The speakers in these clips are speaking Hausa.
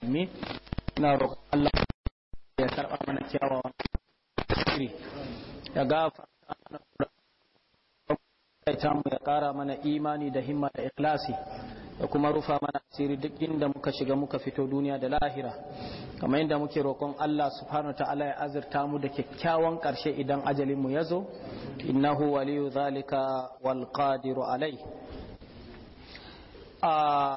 musulmi ina roƙon Allah ya karɓa mana kyawawan shiri ya gafarta mana ta mu ya ƙara mana imani da himma da ikhlasi da kuma rufa mana asiri duk inda muka shiga muka fito duniya da lahira kamar yadda muke roƙon Allah subhanahu ta'ala ya azurta mu da kyakkyawan ƙarshe idan ajalin mu ya zo innahu waliyu zalika wal qadiru alai ah,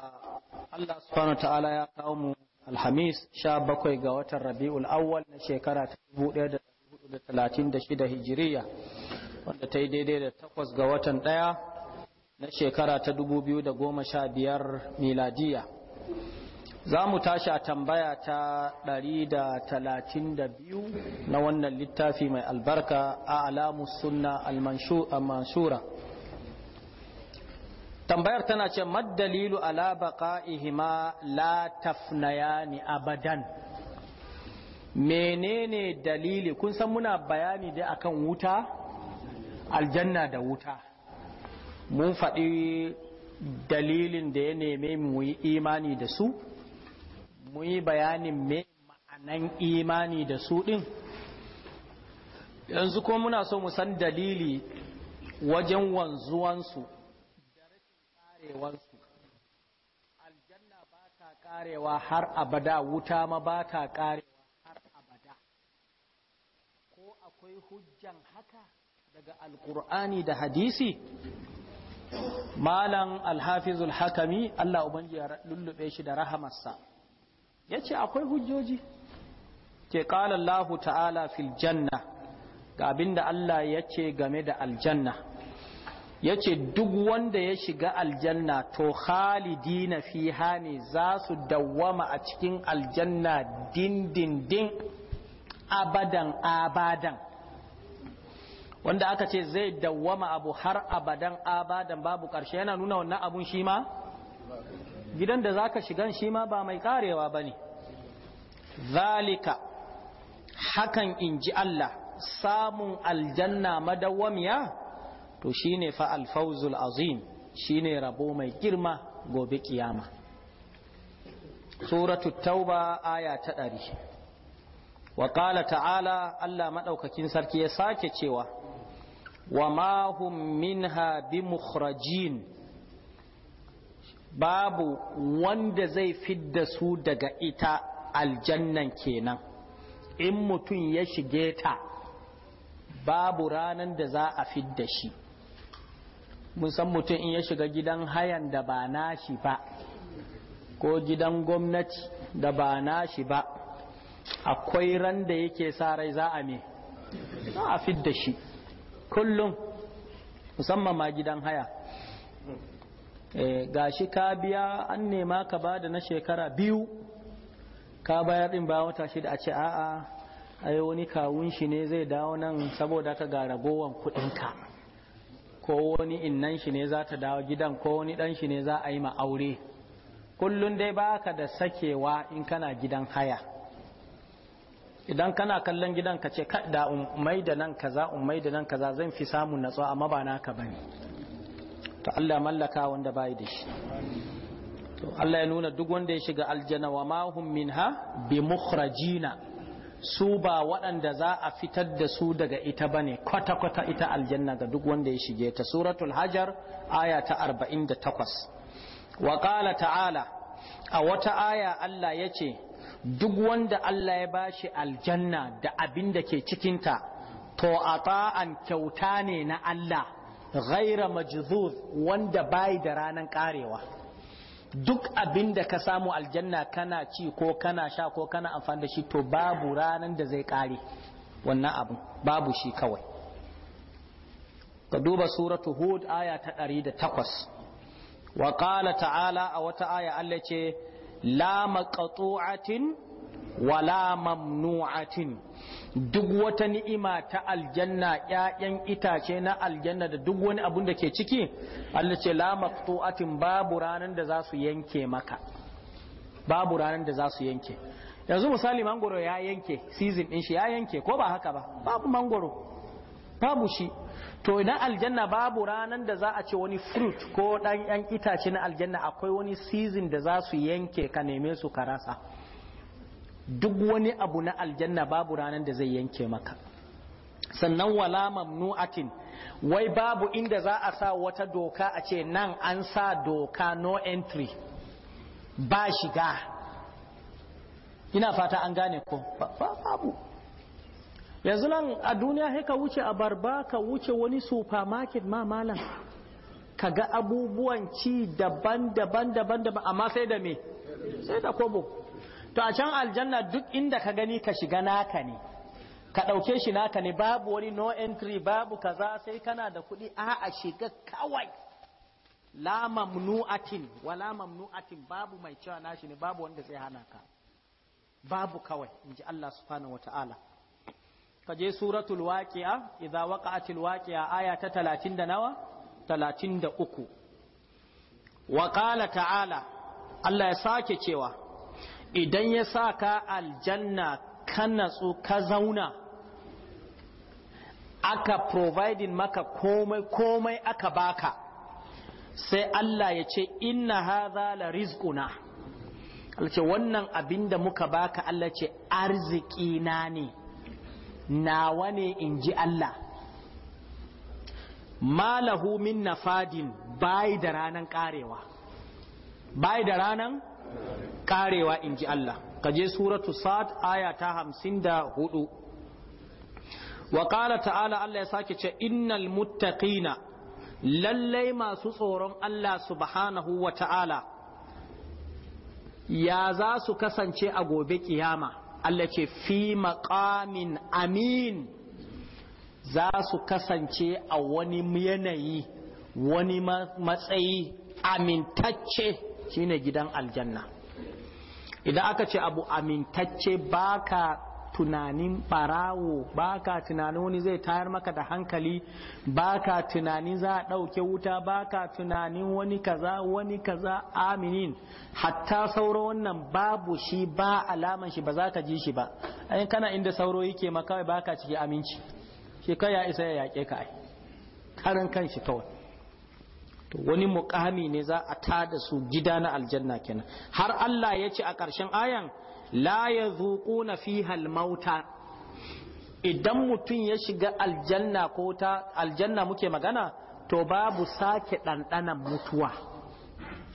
Allah subhanahu ta'ala ya kawo mu alhamis sha bakwai ga watan rabi'ul awwal na shekara ta 1436 hijiriya wanda ta yi daidai da takwas ga watan ɗaya na shekara ta 2015 miladiya za mu tashi a tambaya ta 132 na wannan littafi mai albarka a alamu sunna al-mansura tambayar tana ce maddalilu ala baqa'ihima la tafnayani abadan menene dalili kun san muna bayani dai akan wuta aljanna da wuta mun faɗi dalilin da ya neme mu yi imani da su mu yi bayanin me ma'anan imani da su ɗin yanzu ko muna so mu san dalili wajen wanzuwansu karewansu aljanna ba ta karewa har abada wuta ma ba ta karewa har abada ko akwai hujjan haka daga alkur'ani da hadisi malam alhafizul hakami Allah ubangi ya lullube shi da rahamarsa yace akwai hujjoji ke qala Allahu ta'ala fil janna ga abinda Allah yace game da aljanna yace duk wanda ya shiga aljanna to khalidina fiha ne za su dawwama a cikin aljanna dindindin abadan abadan wanda aka ce zai dawwama abu har abadan abadan babu ƙarshe yana nuna wannan abun shi ma gidan da za ka shigan shi ma ba mai karewa ba ne. zalika hakan in ji Allah samun aljanna madawwamiya to shine fa alfawzul azim shine rabo mai girma gobe kiyama suratu tauba aya ta ɗari wa ƙala ta'ala Allah maɗaukakin sarki ya sake cewa wa ma hum bi mukhrajin babu wanda zai fidda su daga ita aljannan kenan in mutum ya shige ta babu ranan da za a fidda shi mun san mutum in ya shiga gidan hayan da ba nashi ba ko gidan gwamnati da ba shi ba akwai ran da yake sa rai za a me za a fidda shi kullum musamman ma gidan haya eh, ga shi ka biya an nema ka ba da na shekara biyu ka bayar din ba wata shida a ce a'a ai wani kawun shi ne zai dawo nan saboda ka ga ragowan kudinka ko wani innan shi ne za ta dawo gidan ko wani dan shi ne za a yi ma aure kullum dai ba ka da sakewa in kana gidan haya idan kana kallon gidan ka ce da umai da nan kaza umai da nan kaza zan fi samun natsuwa amma ba naka bane to Allah mallaka wanda bai da shi to Allah ya nuna duk wanda ya shiga aljanna wa ma hum minha bi mukhrajina su ba waɗanda za a fitar da su daga ita bane kwata-kwata ita aljanna ga duk wanda ya shige ta suratul hajar aya ta 48 wa qala ta'ala a wata aya Allah ya ce duk wanda Allah ya bashi aljanna da abin da ke cikinta to a ta'an kyauta ne na Allah gaira majzuz wanda bai da ranan ƙarewa. duk abin da ka samu aljanna kana ci ko kana sha ko kana amfani da shi to babu ranar da zai kare wannan abin babu shi kawai ka duba suratu hud aya ta ɗari takwas wa ƙala ta'ala a wata aya Allah ce la maqtu'atin wala mamnu'atin duk wata ni'ima ta aljanna ƴaƴan itace na aljanna da duk wani abun da ke ciki Allah ce la maqtu'atin babu ranan da za su yanke maka babu ranan da za su yanke yanzu misali mangoro ya yanke season din shi ya yanke ko ba haka ba babu mangoro babu shi to idan aljanna babu ranan da za a ce wani fruit ko ɗan yan itace na aljanna akwai wani season da za su yanke ka neme su ka rasa duk wani abu na aljanna babu ranar da zai yanke maka sannan wala mamnu'atin wai babu inda za a sa wata doka a ce nan an sa doka no entry ba shiga ina fata an gane ko babu yanzu nan a duniya sai ka wuce a barba ka wuce wani supermarket ma malam ka ga abubuwan ci daban-daban daban-daban amma sai da me sai da kobo to a can aljanna duk inda ka gani ka shiga naka ne ka ɗauke shi naka ne babu wani no entry babu kaza sai kana da kuɗi a a shiga kawai la mamnu'atin wala mamnu'atin babu mai cewa nashi ne babu wanda zai hana ka babu kawai inji Allah subhanahu wata'ala ka je suratul waqi'a idza waqa'atil waqi'a aya ta 30 da nawa 33 wa qala ta'ala Allah ya sake cewa idan ya sa ka aljanna ka natsu ka zauna aka providing maka komai komai aka baka sai Allah ya ce inna hadha la rizquna Allah wannan abin da muka baka Allah ce arziki na ne nawa ne in ji Allah malahu min nafadin bai da ranan karewa bai da ranan karewa in ji Allah kaje suratu sad aya ta hamsin da hudu wa ta'ala Allah ya sake ce innal muttaqina lallai masu tsoron Allah subhanahu wa ta'ala ya za su kasance a gobe kiyama Allah ce fi maqamin amin za su kasance a wani yanayi wani matsayi amintacce shine gidan aljanna idan aka ce abu amintacce baka tunanin barawo baka tunanin wani zai tayar maka da hankali baka tunanin za a ɗauke wuta baka tunanin wani kaza wani kaza aminin hatta sauro wannan babu shi ba alaman shi ba za ka ji shi ba ayin kana inda sauro yake maka baka ciki aminci shi kai ya isa ya yake ka ai karan kan kawai wani muƙami ne za a tada su gida na aljanna kenan har Allah ya ce a ƙarshen ayan la yazuquna fiha halmauta? idan mutum ya shiga aljanna ko ta aljanna muke magana to babu sake ɗanɗanan mutuwa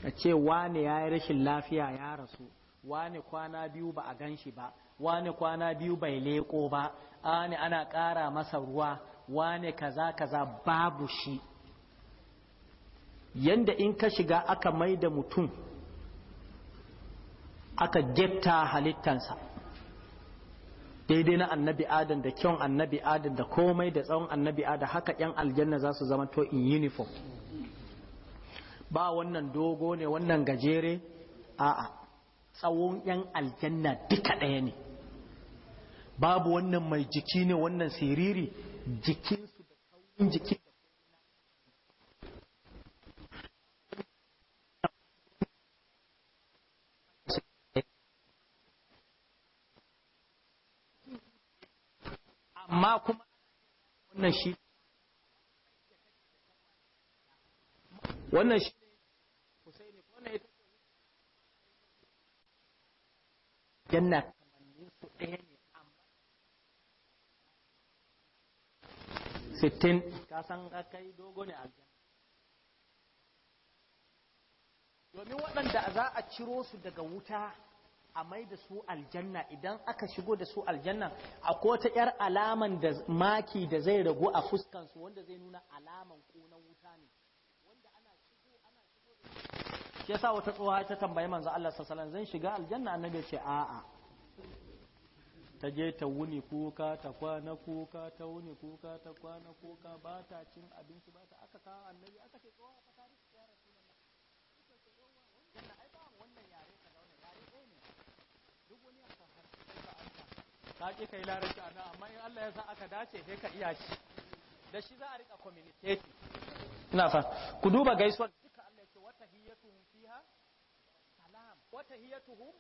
a ce wane ya yi rashin lafiya ya rasu wane kwana biyu ba a gan shi ba wane kwana biyu bai leko ba ane ana ƙara masa ruwa wane kaza kaza babu shi yanda in ka shiga aka mai da mutum aka getta halittansa daidai na annabi adam da kyan annabi adam da komai da tsawon annabi adam haka yan aljanna za su zama to in uniform ba wannan dogo ne wannan gajere a'a tsawon yan aljanna duka ɗaya ne babu wannan mai jiki ne wannan siriri jikinsu da kawun jiki amma kuma wannan shi wannan shi Husaini ko ne janna kamanni su ɗaya ne amma sittin ka san kai dogo ne aljanna domin waɗanda za a ciro su daga wuta a mai da su aljanna idan aka shigo da su aljanna akwai wata yar alaman da maki da zai ragu a fuskansu wanda zai nuna alaman ko na wuta ne wanda ana shigo ana shigo shi yasa wata tsoha ta tambayi manzo Allah sallallahu alaihi zan shiga aljanna annabi ce a'a ta je ta wuni kuka ta kwana kuka ta wuni kuka ta kwana kuka ba ta cin abinci ba ta aka kawo annabi aka ce tsoha ka ki kai larabci a nan amma in Allah ya sa aka dace sai ka iya shi da shi za a rika communicate ina fa ku duba gaisuwar duka Allah ya ce wata hiyatuhum fiha salam wata hiyatuhum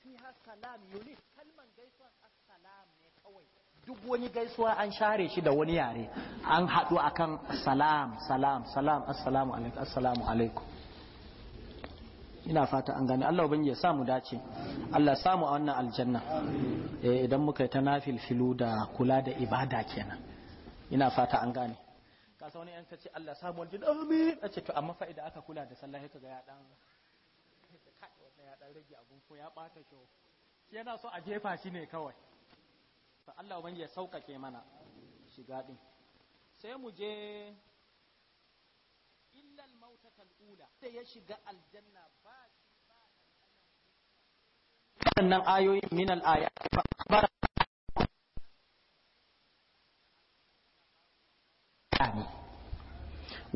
fiha salam yuni kalman gaisuwar assalam ne kawai duk wani gaisuwa an share shi da wani yare an haɗu akan salam salam salam assalamu alaikum assalamu alaikum ina fata an gane Allah ubangiji ya samu dace Allah samu a wannan aljanna eh idan muka yi ta filu da kula da ibada kenan ina fata an gane ka sa wani yan kace Allah samu aljanna amin a ce to amma fa idan aka kula da sallah kaga ya dan ya dan rage abun ko ya bata kyau yana so a jefa shi ne kawai to Allah ubangiji ya sauƙaƙe mana shiga din sai mu je wanda ya shiga aljanna ba shi ba waɗannan ayoyin min al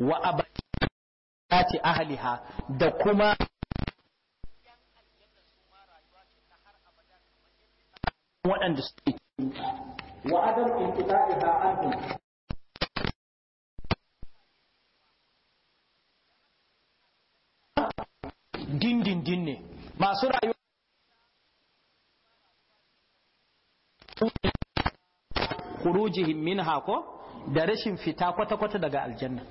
wa abati ahliha da kuma waɗanda suke wa adam intiba'iha anhum dindindin ne masu rayuwa kurujihim min hako da rashin fita kwata-kwata daga aljanna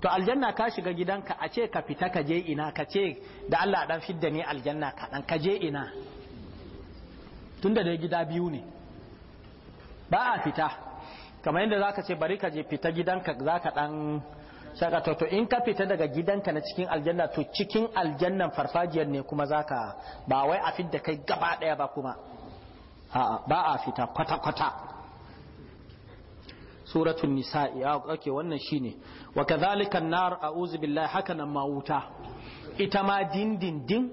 to aljanna ka shiga gidanka a ce ka fita ka je ina ka ce da Allah dan fidda ne aljanna ka dan ka je ina tunda dai gida biyu ne ba a fita kamar yadda zaka ce bari ka je fita gidanka za ka shaka to in ka fita daga gidanka na cikin aljanna to cikin aljannan farfajiyar ne kuma zaka ba wai a fidda kai gaba daya ba kuma a'a ba a fita kwata kwata suratul nisa'i ah, okay wannan shine wa kadhalika an-nar a'udhu billahi haka nan ma wuta ita ma dindindin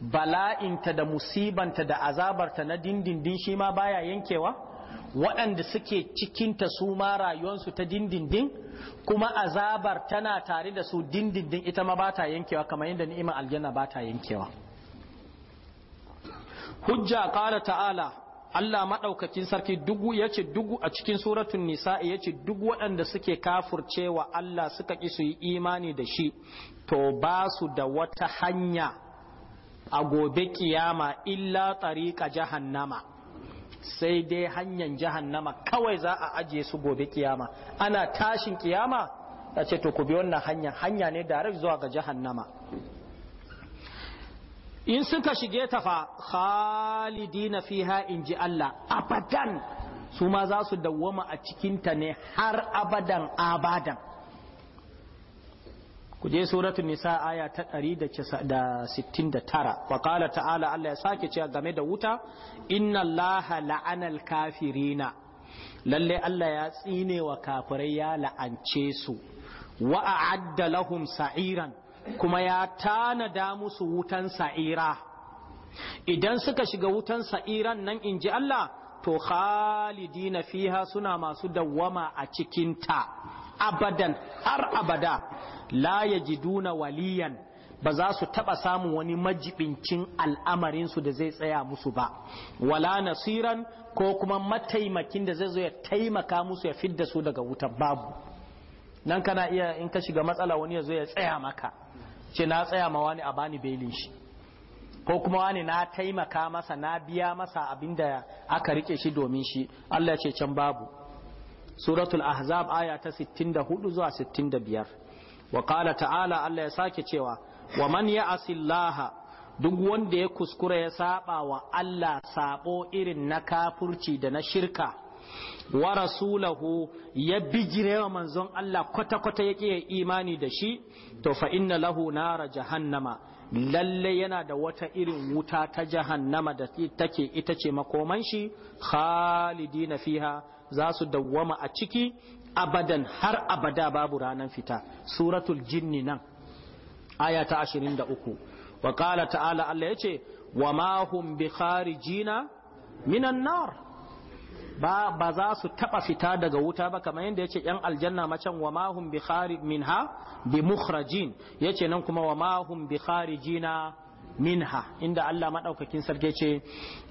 bala'inta da musibanta da azabarta na dindindin shi ma baya yankewa waɗanda suke cikinta su ma rayuwansu ta dindindin kuma azabar tana tare da su dindindin ita ma ba ta yankewa kamar yadda ni'imar aljanna ba ta yankewa hujja ƙara ta'ala Allah maɗaukakin sarki dugu ya ce dugu a cikin suratun nisa ya ce duk waɗanda suke kafurcewa Allah suka ƙi su yi imani da shi to ba su da wata hanya a gobe kiyama illa tariƙa jahannama sai dai hanyar jahannama kawai za a ajiye su gobe kiyama ana tashin kiyama A ce to ku bi wannan hanya hanya ne direct zuwa ga jahannama in suka shige ta fa khalidina fiha in ji Allah abadan su ma za su dawwama a cikinta ne har abadan abadan ku je suratul nisa aya ta 169 wa qala ta'ala Allah ya sake cewa game da wuta inna allaha la'anal kafirina lalle Allah ya tsine wa kafirai ya la'ance su wa a'adda lahum sa'iran kuma ya tanada musu wutan sa'ira idan suka shiga wutan sa'iran nan inji Allah to khalidina fiha suna masu dawwama a cikin ta abadan har abada la yajiduna waliyan ba za su taba samun wani majibincin su da zai tsaya musu ba wala nasiran ko kuma mataimakin da zai zo ya taimaka musu ya fidda su daga wutan babu nan kana iya in ka shiga matsala wani ya zo ya tsaya maka ce na tsaya ma wani a bani belin shi ko kuma wani na taimaka masa na biya masa abinda aka rike shi domin shi Allah ya ce can babu suratul ahzab aya ta 64 zuwa 65 wa qala ta'ala Allah ya sake cewa wa man ya'si Allah duk wanda ya kuskura ya saba wa Allah sabo irin na kafurci da na shirka wa rasulahu ya bijirewa manzon Allah kwata-kwata yake imani da shi to fa inna lahu nara jahannama lalle yana da wata irin wuta ta jahannama da take ita ce makoman shi khalidina fiha za su dawwama a ciki abadan har abada babu ranar fita suratul jinni nan aya ta 23 wa qala ta'ala Allah yace wa ma hum bi kharijina minan nar ba ba za su taba fita daga wuta ba kamar yadda yace yan aljanna macan wa ma hum bi kharij minha bi mukhrajin yace nan kuma wa ma hum bi kharijina minha inda Allah madaukakin sarki ce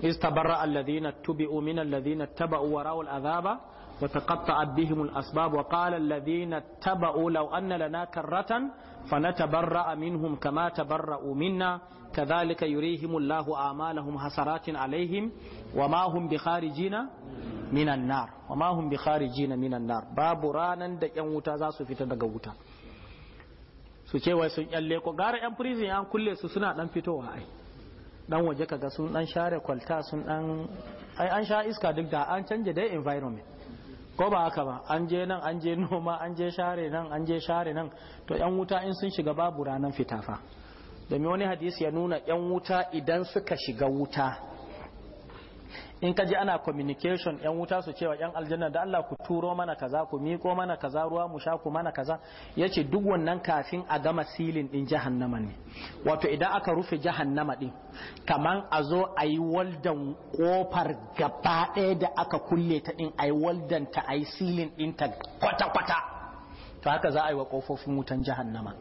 istabarra alladhina tubi'u min alladhina taba'u wa ra'u asbab wa qala alladhina taba'u law anna lana karratan minhum kama tabarra'u minna kadhalika yurihim Allahu hasaratin alaihim wa ma hum babu ranan da yan wuta fita daga wuta su ce wai sun kyalle ko gara yan prison an kulle su suna dan fitowa ai dan waje kaga sun dan share kwalta sun dan ai an sha iska duk da an canza dai environment ko ba haka ba an je nan an je noma an je share nan an je share nan to yan wuta in sun shiga babu ranan fita fa domin wani hadisi ya nuna yan wuta idan suka shiga wuta in ka ji ana communication yan wuta su cewa yan aljanna da Allah ku turo mana kaza ku miko mana kaza ruwa mu sha ku mana kaza yace duk wannan kafin a gama silin din jahannama ne wato idan aka rufe jahannama din kaman a zo a yi waldan kofar gaba ɗaya da aka kulle ta din a yi waldan ta a yi silin din ta kwata-kwata to haka za a yi wa kofofin wutan jahannama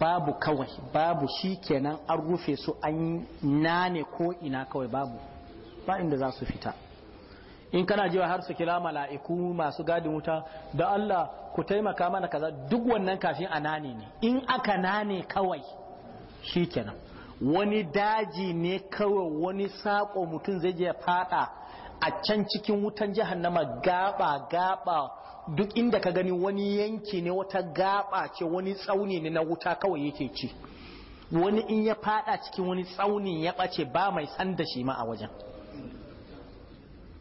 babu kawai babu shi kenan an rufe su an nane ko ina kawai babu ba inda za su fita in kana jiwa har su kira mala'iku masu gadin wuta da Allah ku taimaka mana kaza duk wannan kafin a nane ne in aka nane kawai shi kenan wani daji ne kawai wani sako mutum zai je fada a can cikin wutan jahannama gaba gaba duk inda ka gani wani yanki ne wata gaba ce wani tsauni ne na wuta kawai yake ci wani in ya fada cikin wani tsaunin ya bace ba mai san da shi ma a wajen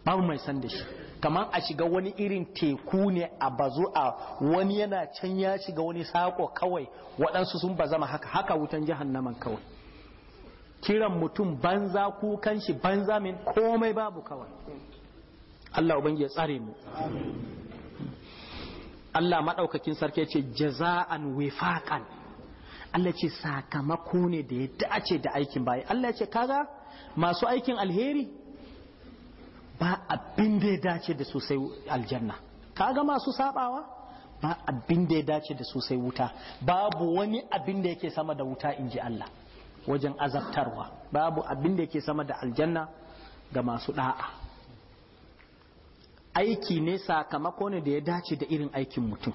ba mai san da shi kamar a shiga wani irin teku ne a bazu a wani yana can ya shiga wani sako kawai waɗansu sun ba zama haka haka wutan jahannaman kawai kiran mutum banza kukan shi banza min komai babu kawai Allah ubangi ya tsare mu Allah maɗaukakin sarki ce jaza'an wifaqan Allah ce sakamako ne da ya dace da aikin bayi Allah ce kaga masu aikin alheri ba abin da ya dace da su aljanna kaga masu sabawa ba abin da ya dace da su wuta babu wani abin da yake sama da wuta inji Allah wajen azabtarwa babu abin da yake sama da aljanna ga masu da'a aiki ne sakamako ne da ya dace da irin aikin mutum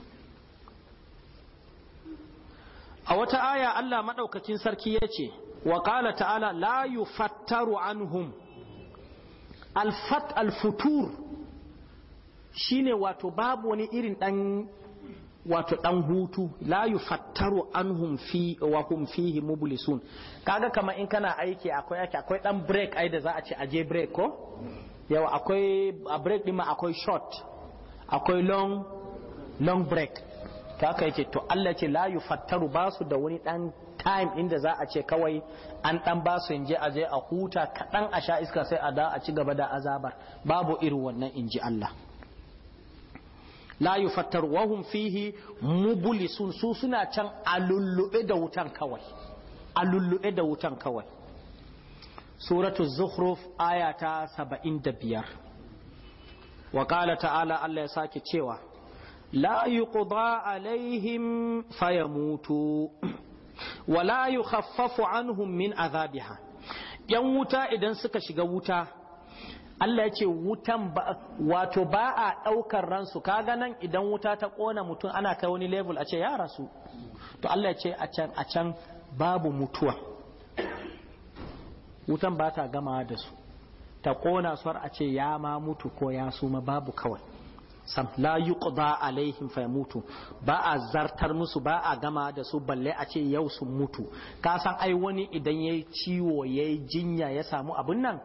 a wata aya Allah maɗaukakin sarki ya ce wa ƙala ta'ala la yufattaru anhum alfat alfutur shine wato babu wani irin ɗan wato dan hutu la yufattaru anhum fi wa hum fihi mublisun kaga kama in kana aiki akwai aiki akwai dan break ai da za a ce aje break ko yau akwai a break din ma akwai short akwai long long break ta yake to Allah ce la yufattaru basu da wani dan time inda za a ce kawai an dan basu inje aje a huta kadan a sha iska sai a da a ci gaba da azabar babu irin wannan inji Allah la yufattar wahum fihi mubulisun su suna can a da wutan kawai a lullube da wutan kawai suratul zukhruf ayata 75 wa qala ta'ala Allah ya sake cewa la yuqda alaihim fayamutu wa la yukhaffafu anhum min azabiha yan wuta idan suka shiga wuta Allah ya ce wutan ba wato ba a ɗaukar ransu kaga nan idan wuta ta ƙona mutum ana kai wani level a ce ya rasu to Allah ya ce a can a can babu mutuwa wutan ba ta gama da su ta ƙona su har a ce ya ma mutu ko ya suma babu kawai sam la yuqda alaihim mutu ba a zartar musu ba a gama da su balle a ce yau sun mutu kasan ai wani idan yayi ciwo yayi jinya ya samu abun nan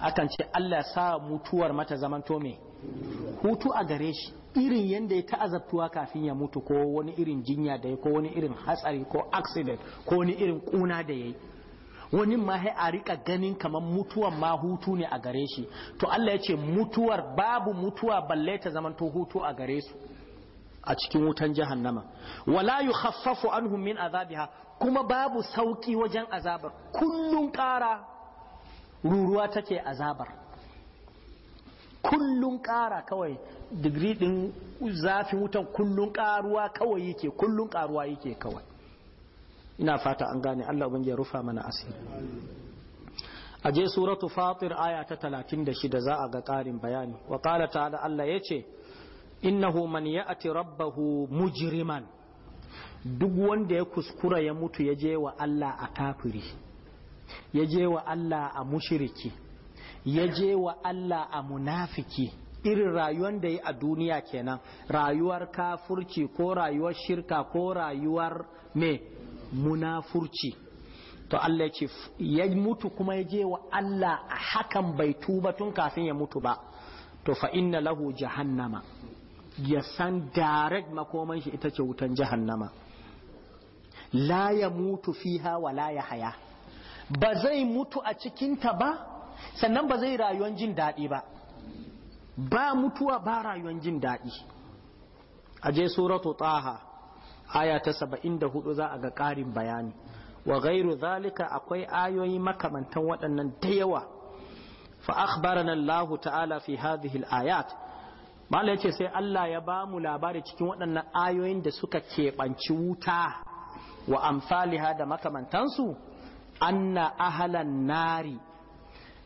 akan ce Allah sa mutuwar mata zaman to me hutu a gare shi irin yanda ya azabtuwa kafin ya mutu ko wani irin jinya da ya ko wani irin hatsari ko accident ko wani irin kuna da yayi wani ma sai a rika ganin kamar mutuwar ma hutu ne a gare shi to Allah ya ce mutuwar babu mutuwa balle ta zaman zamanto hutu a gare su a cikin wutan jahannama wala yukhaffafu anhum min azabiha kuma babu sauki wajen azabar kullun kara ruruwa take azabar kullun kara kawai digiri din zafin wutan kullun karuwa kawai yake kullun karuwa yake kawai ina fata an gane Allah ubangiji ya rufa mana asiri a je suratu fatir aya ta talatin 36 za a ga ƙarin bayani wa qala ta'ala Allah yace innahu man ya'ti rabbahu mujriman duk wanda ya kuskura ya mutu ya je wa Allah a kafiri ya je wa Allah a mushiriki ya je wa Allah a munafiki irin rayuwar da yi a duniya kenan rayuwar kafurci ko rayuwar shirka ko rayuwar me munafurci to Allah ce ya mutu kuma ya je wa Allah a hakan bai tuba tun kafin ya mutu ba to fa inna lahu jahannama ya san direct makoman shi ita ce wutan jahannama la ya mutu fiha wa la ya haya ba zai mutu a cikinta ba sannan ba zai rayuwar jin daɗi ba ba mutuwa ba rayuwar jin daɗi Aje suratu taha aya ta saba'in da hudu za a ga ƙarin bayani wa gairu zalika akwai ayoyi makamantan waɗannan da yawa fa akhbarana Allah ta'ala fi hadhihi al-ayat malai yace sai Allah ya ba mu labari cikin waɗannan ayoyin da suka keɓanci wuta wa amsaliha da makamantansu anna ahalan nari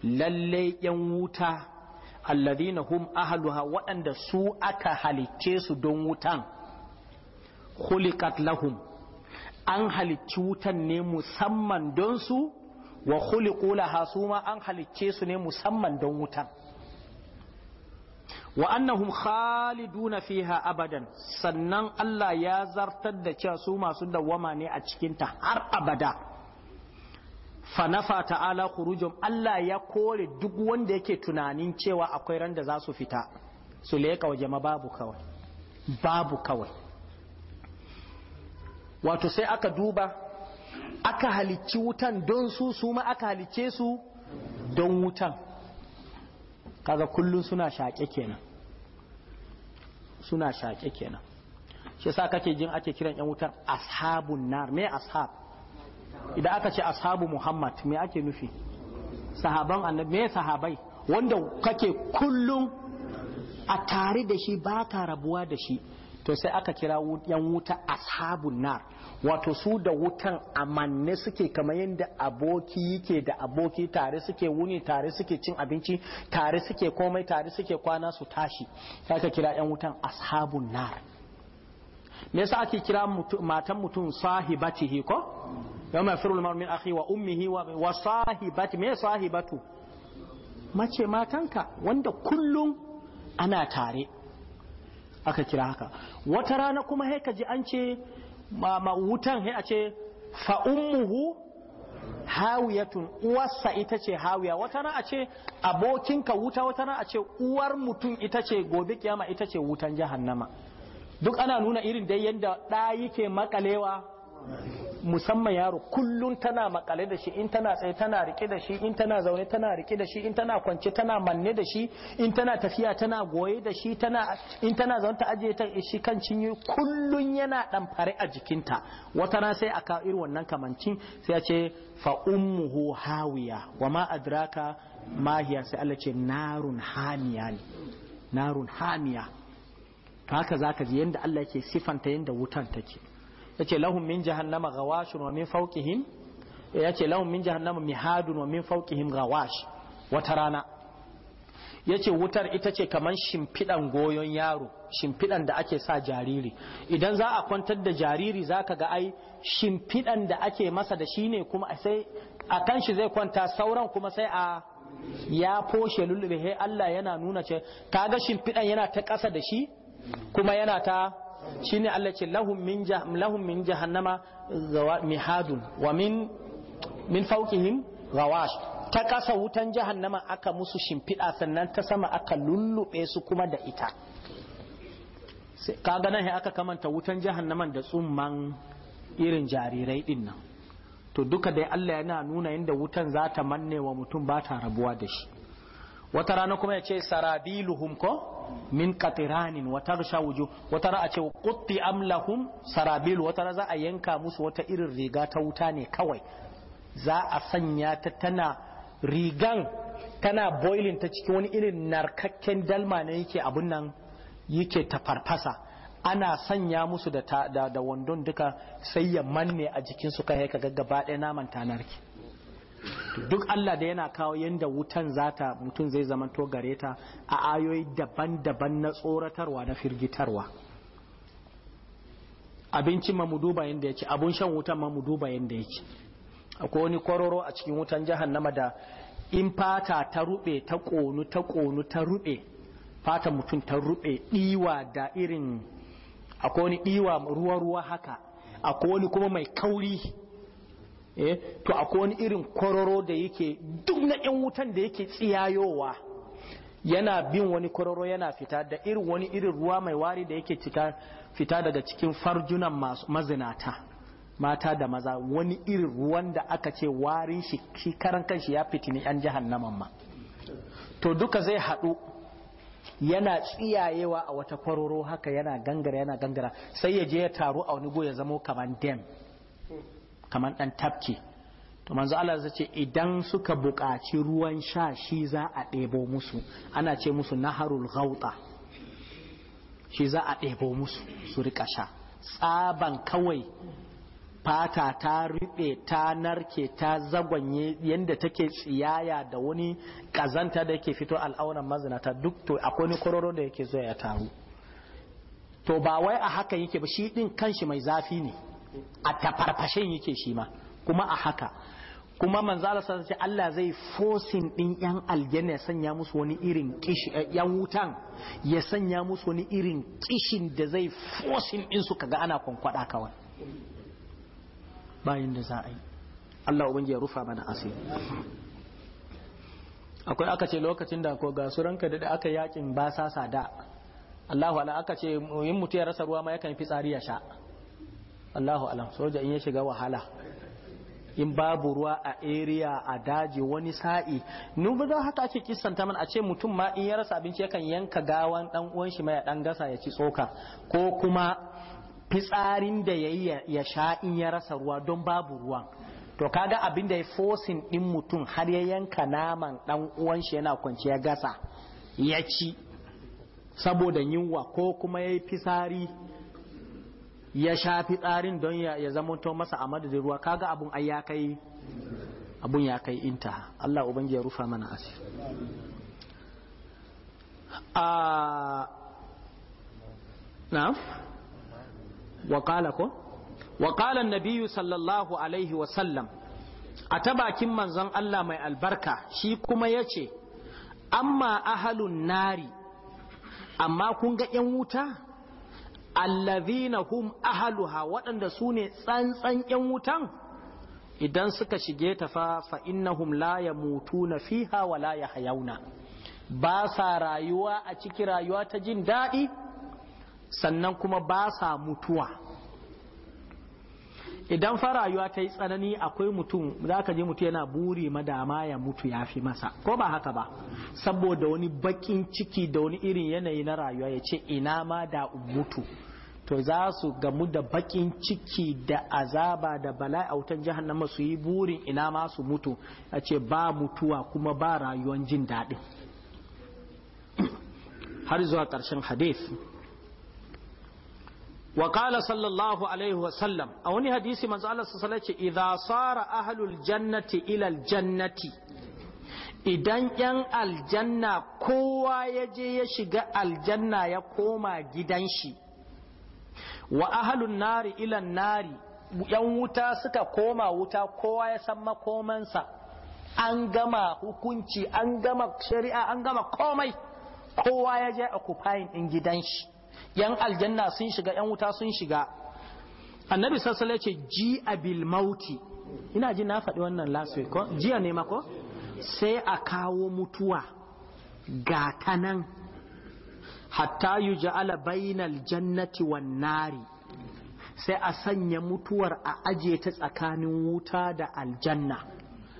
lalle yan wuta alladhina hum ahluha waɗanda su aka halicce su don wutan khuliqat lahum an halicci wutan ne musamman don su wa khuliqu laha suma an halicce su ne musamman don wutan wa annahum khaliduna fiha abadan sannan Allah ya zartar da cewa su masu dawwama ne a cikin ta har abada fa nafa ta'ala khurujum Allah ya kore duk wanda yake tunanin cewa akwai ran da za su fita su leka waje babu kawai babu kawai wato sai aka duba aka halicci wutan don su su ma aka halicce su don wutan kaga kullun suna shaƙe kenan suna shaƙe kenan shi sa kake jin ake kiran yan wutan ashabun nar me ashab idan aka ce ashabu muhammad me ake nufi sahaban annabi me sahabai wanda kake kullum a tare da shi ba ka rabuwa da shi to sai aka kira yan wuta ashabun nar wato su da wutan amanne suke kamar yadda aboki yake da aboki tare suke wuni tare suke cin abinci tare suke komai tare suke kwana su tashi sai aka kira yan wutan ashabun nar me yasa ake kira matan mutum sahibatihi ko yawma mai mar'u min akhi wa ummihi wa sahibati me sahibatu mace matanka wanda kullum ana tare aka kira haka wata rana kuma sai ji an ce ma wutan sai a ce fa ummuhu hawiyatun uwarsa ita ce hawiya wata rana a ce abokinka wuta wata rana a ce uwar mutum ita ce gobe kiyama ita ce wutan jahannama duk ana nuna irin dai yadda ɗa yake makalewa musamman yaro kullun tana makale da shi in tana tsaye tana rike da shi in tana zaune tana rike da shi in tana kwance tana manne da shi in tana tafiya tana goye da shi tana in tana zaune ta ajiye ta shi kan cinye kullun yana fare a jikinta wata na sai aka irin wannan kamancin sai ya ce fa ummuhu hawiya wa ma adraka mahiya sai Allah ce narun hamiya ne narun hamiya haka zaka ji yanda Allah yake sifanta yanda wutan take yace lahum min jahannama ghawashun wa min fawqihim yace lahum min jahannama mihadun wa min fawqihim ghawash wata rana yace wutar ita ce kamar shimfiɗan goyon yaro shimfiɗan da ake sa jariri idan za a kwantar da jariri za ka ga ai shimfiɗan da ake masa da shi ne kuma sai a kan shi zai kwanta sauran kuma sai a ya foshe lullube Allah yana nuna ce kaga shimfiɗan yana ta ƙasa da shi kuma yana ta shine Allah ce lahum min lahum min jahannama mihadun wa min min fawqihim gawash ta kasa wutan jahannama aka musu shimfiɗa sannan ta sama aka lullube su kuma da ita kaga nan aka kamanta wutan jahannaman da tsumman irin jarirai din nan to duka dai Allah yana nuna yadda wutan za ta manne wa mutum ba ta rabuwa da shi wata rana kuma ya ce sarabiluhum ko min qatiranin wa tarsha wuju wata a ce kutti amlahum sarabil wata za a yanka musu wata irin riga ta wuta ne kawai za a sanya ta tana rigan tana boilin ta cikin wani irin narkakken dalma ne yake abun nan yake tafarfasa ana sanya musu da, da, da wandon duka sai ya manne a jikinsu kai ka gaggaba ɗaya naman tanarki duk Allah da yana kawo yadda wutan zata mutum zai zama to gare ta a ayoyi daban-daban na tsoratarwa na firgitarwa abincin ma mu duba ya yake abun shan wutan ma mu duba ya yake akwai wani kwaroro a cikin wutan jahannama da in fata ta rube ta konu ta konu ta rube fata mutum ta rube diwa da irin akwai wani diwa ruwa-ruwa haka akwai wani kuma mai kauri eh to akwai wani irin kororo da yake duk na yan wutan da yake tsiyayowa yana bin wani kwararo yana fita da irin wani irin ruwa mai wari da yake fita daga cikin farjunan mazinata mata da maza wani irin ruwan da aka ce warin shi karan kanshi ya fitini yan na ma to duka zai haɗu yana tsiyayewa a wata kwaroro haka yana gangara yana gangara sai ya je ya taru a wani goya ya zamo kamar dem kamar ɗan tafki to manzo Allah zai ce idan suka buƙaci ruwan sha shi za a ɗebo musu ana ce musu naharul gauta shi za a ɗebo musu su riƙa sha tsaban kawai fata ta riɓe ta narke ta zagwanye yadda take tsiyaya da wani ƙazanta da yake fito al'auran mazinata duk to akwai ni kororo da yake zuwa ya taru to ba wai a haka yake ba shi ɗin kanshi mai zafi ne a tafarfashen yake shi ma kuma a haka kuma manzala sa ce Allah zai fosin din yan aljanna ya sanya musu wani irin kishi eh, yan wutan ya sanya musu wani irin kishin da zai fosin din su kaga ana kwankwada kawai bayin da za a yi Allah ubangi ya rufa mana asiri akwai aka ce lokacin da ko ga su ranka da aka yakin ba sa sada Allahu ala aka ce yin mutu ya rasa ruwa ma yakan fi ya sha Allahu alam soja in ya shiga wahala in babu ruwa a area a daji wani sa'i nun ba haka ake ta mana a ce mutum ma in ya rasa abinci yakan yanka gawan dan uwan shi mai dan gasa ya ci tsoka ko kuma fitsarin da yayi ya sha in ya rasa ruwa don babu ruwa to kaga abin da ya fosin din mutum har ya yanka naman dan uwan shi yana kwance ya gasa ya ci saboda yunwa ko kuma yayi fitsari ya shafi tsarin don ya zamanto masa a madadin ruwa kaga abun ai ya kai abun ya kai inta. Allah ubangi ya rufa mana asiri a na waƙala ko waƙalan nabiyu sallallahu alaihi wasallam a ta manzon Allah mai albarka shi kuma ya ce amma ahalun nari amma kun ga 'yan wuta allazina hum ahaluha waɗanda su ne tsantsan 'yan wutan idan suka shige ta fa fa innahum la yamutuna fiha wa la yahyauna ba sa rayuwa a cikin rayuwa ta jin daɗi sannan kuma ba sa mutuwa idan fa rayuwa ta yi tsanani akwai mutum zaka ka je mutu yana buri madama ya mutu ya fi masa ko ba haka ba saboda wani bakin ciki da wani irin yanayi na rayuwa ya ce ina ma da mutu to za su gamu da bakin ciki da azaba da bala'i a wutan jahannama su yi burin ina ma su mutu a ce ba mutuwa kuma ba rayuwan jin daɗi har zuwa ƙarshen hadith wa sallallahu alaihi wa a wani hadisi manzo Allah su alaihi ce idza sara ahlul jannati ila jannati idan yan aljanna kowa ya je ya shiga aljanna ya koma gidan shi wa ahalun nari ilan nari yan wuta suka koma wuta kowa ya san makomansa an gama hukunci an gama shari'a an gama komai kowa ya je a kufayin gidan shi yan aljanna sun shiga yan wuta sun shiga annabi sassala ce ji abil mauti ina ji na faɗi wannan last week ko jiya ne mako sai a kawo mutuwa ga ta nan hatta ja'ala bainal jannati wan nari sai a sanya mutuwar a aje ta tsakanin wuta da aljanna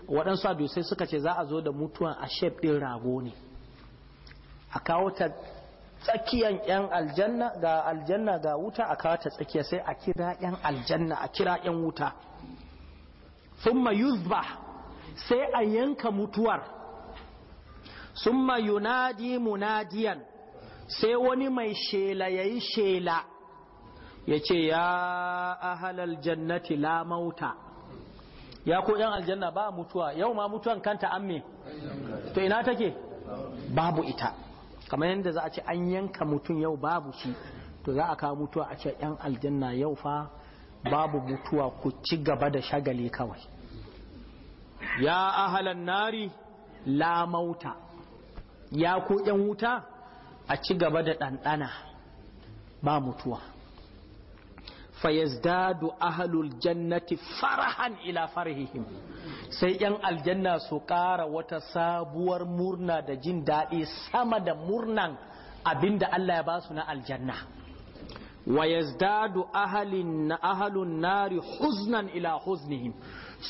waɗansu adusai suka ce za a zo da mutuwar a shef ɗin rago ne a kawo ta tsakiyan yan aljanna ga aljanna ga wuta a kawo ta tsakiya sai a kira yan aljanna a kira yan wuta ma yuzba sai a yanka mutuwar sun ma yunadi munadiyan sai wani mai shela ya yi shela ya ce ya ahalal jannati la mauta ya ko yan aljanna ba mutuwa yau ma mutuwan kanta an me to ina take babu ita kamar yadda za a ce an yanka mutum yau babu shi to za a kawo mutuwa a ce yan aljanna yau fa babu mutuwa ku ci gaba da shagali kawai ya ahalan nari la mauta ya ko yan wuta a ci gaba da ɗanɗana ba mutuwa fayazdadu ahlul jannati farahan ila farhihim. sai yan aljanna su ƙara wata sabuwar murna da jin daɗi sama da murnan abinda Allah ya ba su na aljanna wayazdadu ahalin na ahalun nari huznan ila huznihim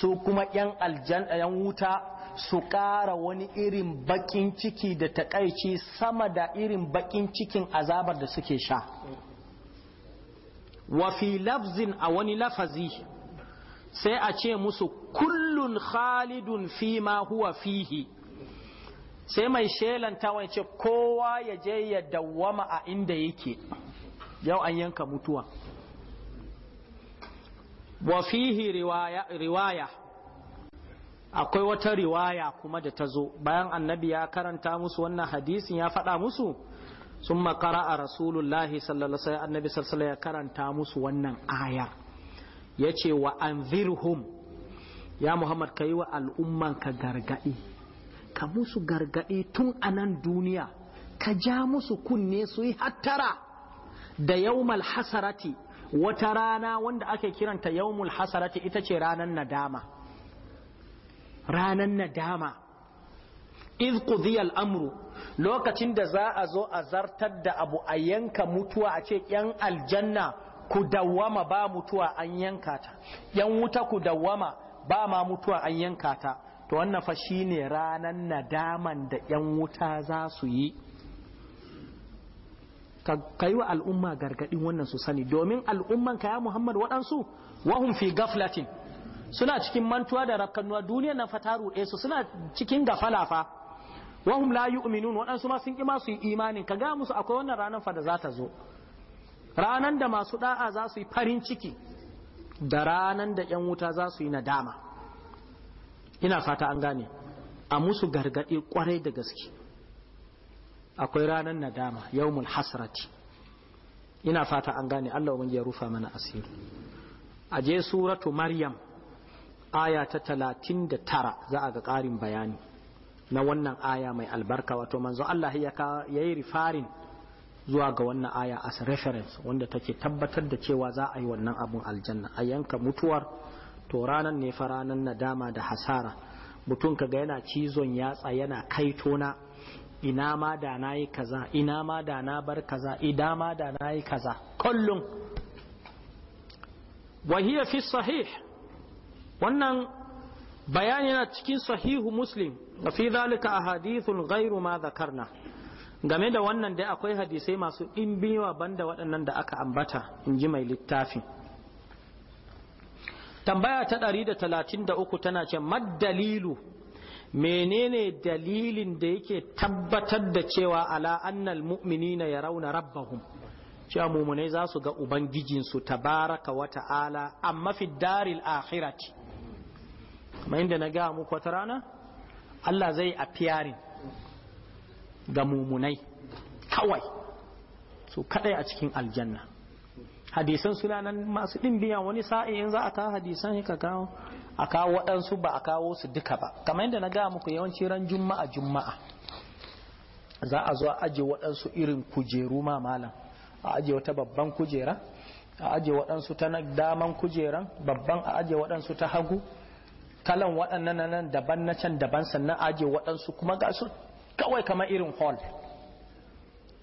su kuma yan aljanna yan wuta su ƙara wani irin baƙin ciki da takaici sama da irin baƙin cikin azabar da suke sha wafi lafzin a wani lafazi sai a ce musu kullun khalidun fi ma huwa fihi sai mai shelanta wani ce kowa ya je ya dawwama a inda yake yau an yanka mutuwa wafihi riwaya, riwaya akwai wata riwaya kuma da ta zo bayan annabi ya karanta musu wannan hadisin ya faɗa musu sun makara a rasulullahi sallallahu alaihi annabi sallallahu ya karanta musu wannan aya ya ce wa anzirhum ya muhammad ka yi wa al'umman ka gargaɗi ka musu gargaɗi tun a nan duniya ka ja musu kunne su yi hattara da yau hasarati wata rana wanda ake kiranta yau hasarati ita ce ranar nadama ranan nadama iz qudiya lokacin da za a zo a zartar da abu a yanka mutuwa a ce yan aljanna ku dawama ba mutuwa an yanka ta yan wuta ku dawwama ba ma mutuwa an yanka ta to wannan fa shine ranan nadaman da yan wuta za su yi ka yi wa al'umma gargadin wannan su sani domin al'umman ka ya Muhammad waɗansu wahun fi gaflatin suna cikin mantuwa da rakkanuwa duniyar nan fa ta ruɗe su suna cikin gafala fa wahum la yu'minun waɗansu ma sun ƙima su yi imanin ka ga musu akwai wannan ranar fa da za ta zo ranan da masu da'a za su yi farin ciki da ranan da yan wuta za su yi nadama ina fata an gane a musu gargaɗi kwarai da gaske akwai ranar nadama yawmul hasrati ina fata an gane Allah ya rufa mana asiri aje suratu maryam aya ta talatin da tara za a ga ƙarin bayani na wannan aya mai albarka wato manzo Allah ya yi rifarin zuwa ga wannan aya as reference wanda take tabbatar da cewa za a yi wannan abun aljanna a yanka mutuwar to ranan ne fa ranan nadama da hasara mutum ga yana cizon yatsa yana na ina ma da na yi kaza ina ma da na bar kaza ida ma da na yi kaza kullum wa hiya fi sahih wannan bayani yana cikin sahihu muslim da fi zalika ahadithun ghairu ma zakarna game da wannan dai akwai hadisai masu ɗimbiwa banda waɗannan da aka ambata in ji mai littafin tambaya ta 133 tana ce madalilu. menene dalilin da yake tabbatar da cewa ala annal mu'minina ya rauna rabbahum cewa mummunai za su ga ubangijinsu tabaraka wata ala amma fi daril akhirati kamar inda na gaya muku wata rana Allah zai afiyarin ga mumunai kawai su kadai a cikin aljanna hadisan suna nan masu ɗimbiya wani sa'in za a kawo hadisan ka kawo a kawo waɗansu ba a kawo su duka ba kamar yadda na gaya muku yawanci ran juma'a juma'a za a zo a aje waɗansu irin kujeru ma malam a aje wata babban kujera a aje waɗansu ta daman kujeran babban a ajiye waɗansu ta hagu kalan waɗannan nan daban na can daban sannan aje waɗansu kuma ga su kawai kamar irin hall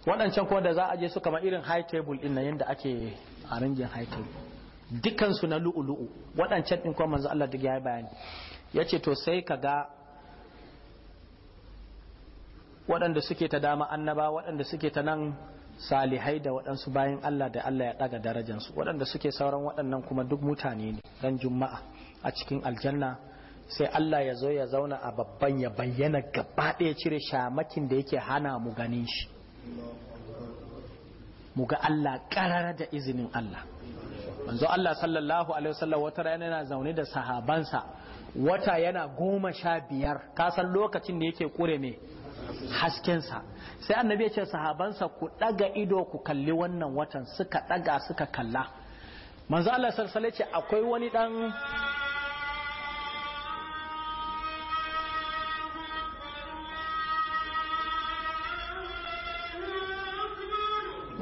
waɗancan kuma da za a je su kamar irin high table ɗin na yadda ake a ringin high table dukansu na lu'ulu'u waɗancan ɗin kuma manzu Allah duk ya yi bayani ya ce to sai ka ga waɗanda suke ta dama annaba waɗanda suke ta nan salihai da waɗansu bayan Allah da Allah ya ɗaga darajansu waɗanda suke sauran waɗannan kuma duk mutane ne ran juma'a a cikin aljanna sai Allah ya zo ya zauna a babban ya bayyana gaba ɗaya cire shamakin da yake hana mu ganin shi mu ga Allah karara da izinin Allah manzo Allah sallallahu alaihi wasallam wata rana yana zaune da sahabansa wata yana goma sha biyar kasan lokacin da yake kure ne haskensa sai annabi ya ce sahabansa ku ɗaga ido ku kalli wannan watan suka ɗaga suka kalla manzo Allah sallallahu alaihi akwai wani dan.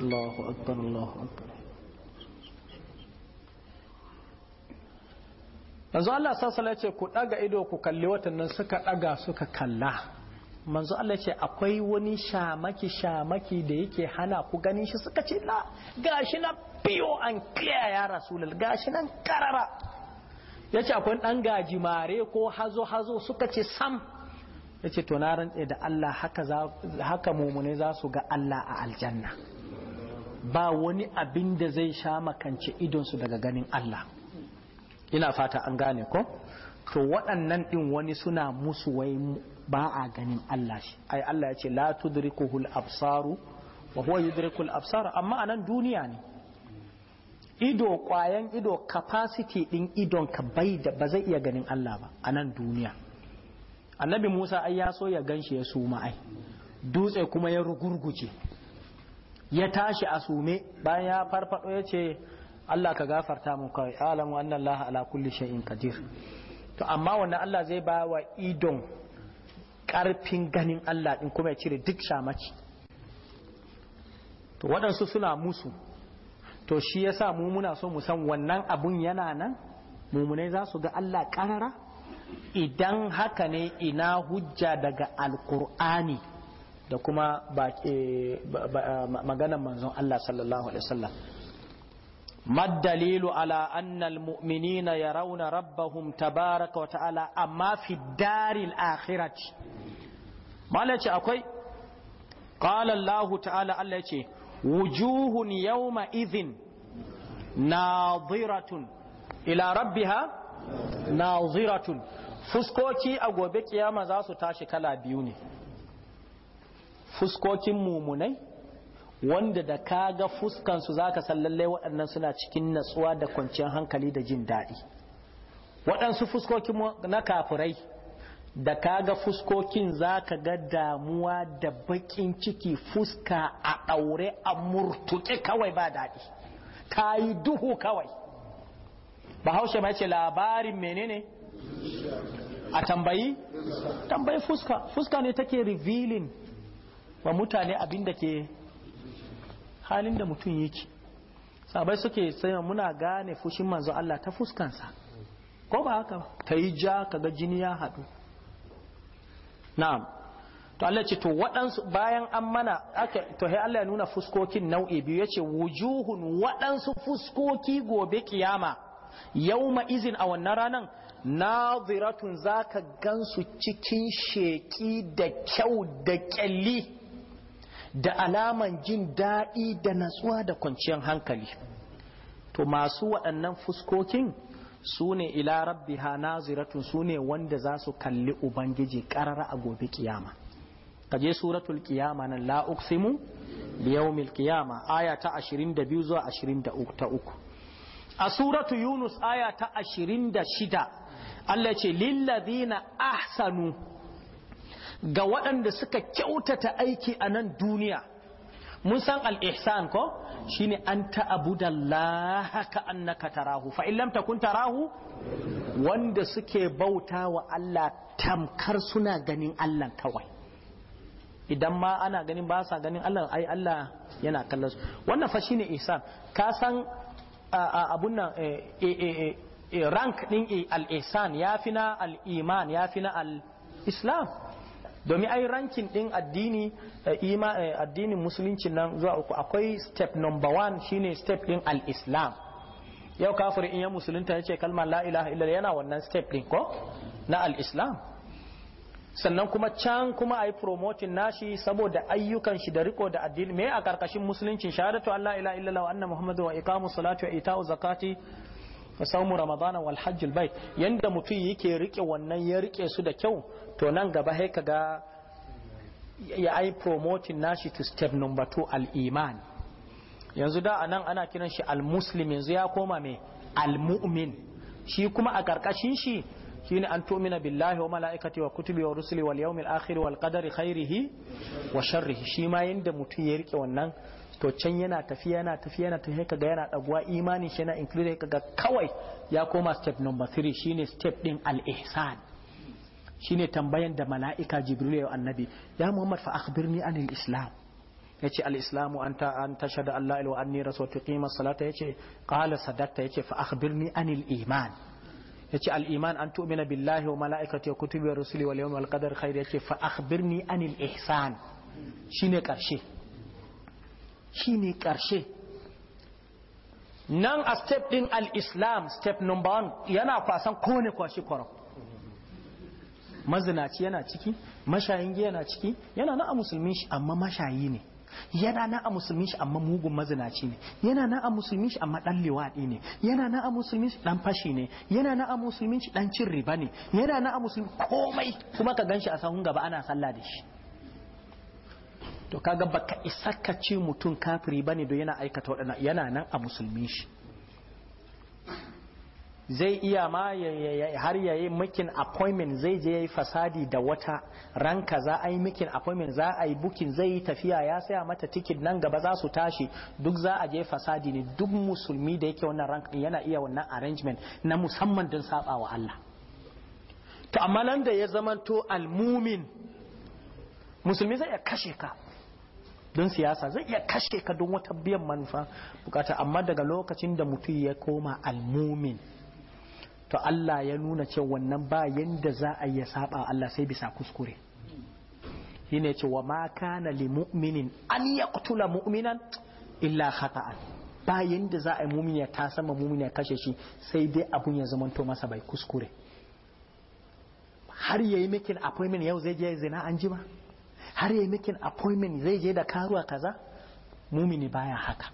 الله أكبر الله أكبر manzo Allah sassala ce ku ɗaga ido ku kalli watannan suka ɗaga suka kalla manzo Allah ce akwai wani shamaki shamaki da yake hana ku ganin shi suka ce la gashi na biyo an clear ya rasulul gashi nan karara Yace akwai akwai ɗan mare ko hazo hazo suka ce sam Yace to na rantse da Allah haka mumune za su ga Allah a aljanna ba wani abin da zai sha makance idonsu daga ganin Allah ina fata an gane ko to waɗannan ɗin wani suna musu wai ba a ganin Allah shi ai Allah ya ce la tudrikuhul absaru wa huwa yudrikul absar amma anan duniya ne ido kwayan ido capacity ɗin idon ka bai da ba zai iya ganin Allah ba anan duniya annabi Musa ai ya so ya ganshi ya suma ai dutse kuma ya rugurguje ya tashi a sume bayan ya farfado ya ce Allah ka gafarta mu kawai alamu anna Allah ala kulli shay'in qadir to amma wannan Allah zai ba wa idon karfin ganin Allah din kuma ya cire duk shamaci to waɗansu suna musu to shi yasa mu muna so mu san wannan abun yana nan mumunai za su ga Allah karara idan haka ne ina hujja daga alkur'ani da kuma maganan manzon Allah sallallahu alaihi wasallam maddalilu ala annal mu'minina rauna rabbahum tabaraka wa ta'ala amma fi daril akhirati malace akwai qala Allah ta'ala Allah yace wujuhun yawma idhin nadhiratun ila rabbiha nadhiratun fuskoki a gobe kiyama za su tashi kala biyu ne fuskokin mumunai wanda da kaga ga fuskansu za ka san waɗannan suna cikin natsuwa da kwanciyar hankali da jin daɗi waɗansu fuskokin na kafurai da kaga ga fuskokin za ka ga damuwa da baƙin ciki fuska a ɗaure a murtuƙe kawai ba daɗi ta yi duhu kawai bahaushe mai ce labarin menene a tambayi tambayi fuska fuska ne take revealing wa mutane abin da ke halin da mutum yake sabai suke sai muna gane fushin manzo Allah ta fuskansa ko ba haka ta yi ja kaga jini ya haɗu na'am to Allah ce to waɗansu bayan an mana aka to sai Allah ya nuna fuskokin nau'i biyu yace wujuhun waɗansu fuskoki gobe kiyama yauma izin a wannan ranan naziratun zaka gansu cikin sheki da kyau da kyalli da alaman jin daɗi da natsuwa da kwanciyar hankali to masu waɗannan fuskokin su ne ila na naziratun su ne wanda za su kalli ubangiji ƙarara a gobe kiyama kaje suratul kiyama nan la uqsimu bi kiyama aya ta 22 zuwa 23 a suratu yunus aya ta shida Allah ce lillazina ahsanu ga waɗanda suka kyautata aiki a nan duniya mun san al-ihsan ko shine an ta'budallaha ka annaka tarahu fa in kun takun tarahu wanda suke bauta wa Allah tamkar suna ganin Allah kawai idan ma ana ganin ba sa ganin Allah ai Allah yana kallon su wannan fa shine ihsan ka san abun nan eh, eh, eh, rank din al-ihsan yafi na al-iman fi na al-islam domin ai rankin din addini eh, eh, addinin musulunci nan zuwa uku akwai step number one shine step din al-islam yau kafiri in ya musulunta ya ce kalmar la ilaha illa yana wannan step din ko na al-islam sannan kuma can kuma a yi promotin nashi saboda ayyukan shi da riko da addini me a karkashin musuluncin shahadatu an la ilaha illa wa anna muhammadu wa iqamu salati wa ita'u zakati wa saumu ramadana wal hajjul bait yanda mutum yake rike wannan ya rike su da kyau to nan gaba sai kaga ya ai promoting nashi to step number two al-iman yanzu da anan ana kiran shi al-muslim yanzu ya koma me al-mu'min shi kuma a karkashin shi shine an tu'mina billahi wa mala'ikati wa kutubi wa rusuli wal yawmil akhir wal qadari khairihi wa sharrihi shi ma yanda mutum ya rike wannan to can yana tafiya yana tafiya yana tafiya kaga yana daguwa imanin shi yana include kaga kawai ya koma step number 3 shine step din al-ihsan shine tambayan da mala'ika jibril ya annabi ya muhammad fa akhbirni anil islam yace al islamu anta an tashhadu an la ilaha anni rasul tuqima salata yace qala sadaqta yace fa akhbirni anil iman yace al iman an tu'mina billahi wa mala'ikati wa kutubi wa rusuli wal yawmil qadar khair yace fa akhbirni anil ihsan shine karshe shine karshe nan a step din al islam step number 1 yana kwasan kone kwashi kwaram mazinaci yana ciki mashayin giya yana ciki yana na a musulmin shi amma mashayi ne yana na a musulmin shi amma mugun mazinaci ne yana na a musulmin shi amma dan liwaɗi ne yana na a musulmin shi dan fashi ne yana na a musulmin shi dan cin riba ne yana na a musulmin komai kuma ka ganshi a sahun gaba ana sallah da shi to kaga baka isa ka ce mutum kafiri bane do yana aikata waɗannan yana nan a musulmin shi zai iya ma har ya yi makin appointment zai je ya yi fasadi da wata ranka za a yi makin appointment za a yi bukin zai yi tafiya ya saya mata ticket nan gaba za su tashi duk za a je fasadi ne duk musulmi da yake wannan ranka yana iya wannan arrangement na musamman don saba wa Allah to amma nan da ya to almumin musulmi zai iya kashe ka don siyasa zai iya kashe ka don wata biyan manufa bukata amma daga lokacin da mutum ya koma almumin to Allah ya nuna cewa wannan ba yanda za a iya saba Allah sai bisa kuskure shine ce wa ma kana li mu'minin an kutula mu'minan illa hata'an ba yanda za a yi mumin ya ta sama mumin ya kashe shi sai dai abun ya to masa bai kuskure har yayi makin appointment yau zai je zina an ba har yayi makin appointment zai je da karuwa kaza mumini baya haka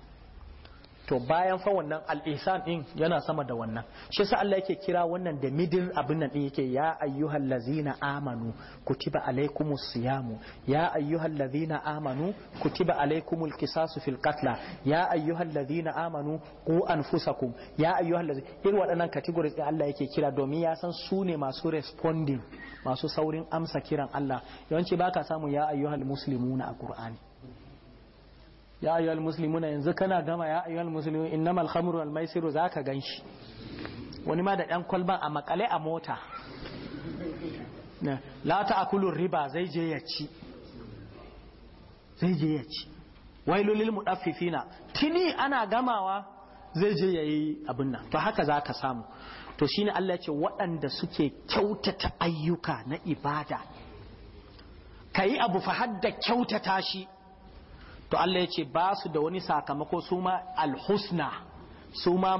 to bayan fa wannan al-ihsan din yana sama da wannan shi yasa Allah yake kira wannan da midin abin nan din yake ya ayyuhal ladzina amanu kutiba alaikumus siyamu ya ayyuhal ladzina amanu kutiba alaikumul qisasu fil qatla ya ayyuhal ladzina amanu qu anfusakum ya ayyuhal ladzina irin waɗannan categories din Allah yake kira domin ya san su ne masu responding masu saurin amsa kiran Allah yawanci baka samu ya ayyuhal muslimuna a Qur'ani ya ayyuhal muslimuna yanzu kana gama ya ayyuhal muslimuna innamal khamru wal maisiru zaka ganshi wani ma da ɗan kwalban a makale a mota la akulun riba zai je ya ci zai je ya ci wailu mudaffifina tini ana gamawa zai je yayi abin nan to haka za ka samu to shine Allah ya ce waɗanda suke kyautata ayyuka na ibada kayi abu fa hadda kyautata shi to Allah ya ce ba su da wani sakamako su ma alhusna su ma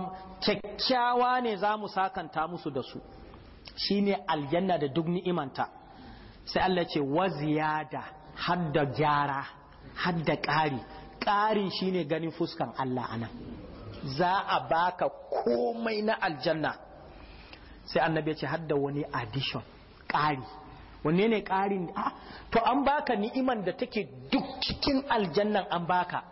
kyakkyawa ne za mu sakanta musu da su Shi ne aljanna da duk ni'imanta sai Allah yace ce wa ziyada har da gyara har da ƙari ƙarin ne ganin fuskan Allah anan za a baka komai na aljanna sai annabi ya ce har da wani addition ƙari wanne ne ƙarin a ah, to an baka ni'iman da take duk cikin aljannan an baka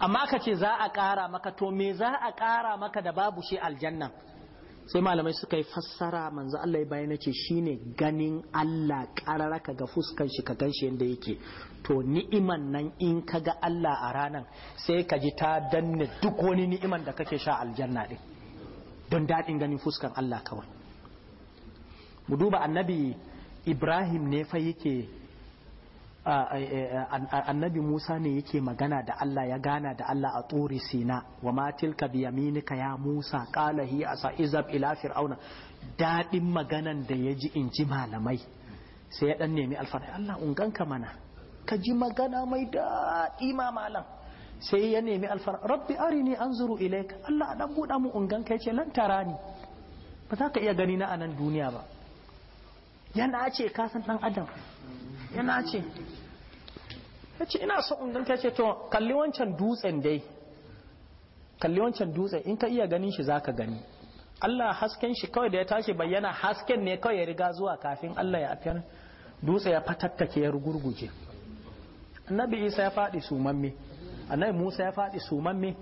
amma ka ce za a ƙara maka to me za a ƙara maka da babu shi aljannan sai malamai suka yi fassara manzo Allah ya bayyana ce shine ganin Allah ƙarara ka ga fuskan shi ka ganshi yanda yake to ni'iman nan in ka ga Allah a ranan sai ka ji ta danne duk wani ni'iman da kake sha aljanna din don daɗin ganin fuskan Allah kawai mu duba annabi ibrahim ne fa yake annabi musa ne yake magana da allah ya gana da allah a turi sina wa matilka biyaminika ya musa kala hi asa izab ila fir'auna daɗin maganan da ya ji in ji malamai sai ya ɗan nemi alfarma allah unganka mana ka ji magana mai daɗi ma malam sai ya nemi alfar rabbi arini anzuru ilaika Allah a dan buɗa mu ungan yace ce lan tarani ba za ka iya gani na anan duniya ba yana ce kasan dan adam yana ce ya ce ina so in ganka ce to kalli wancan dutsen dai kalli wancan dutsen in ka iya ganin shi za ka gani Allah hasken shi kawai da ya tashi bayyana hasken ne kawai ya riga zuwa kafin Allah ya afiyar dutse ya fatattake ya rugurguje annabi isa ya faɗi sumamme annabi musa ya faɗi sumamme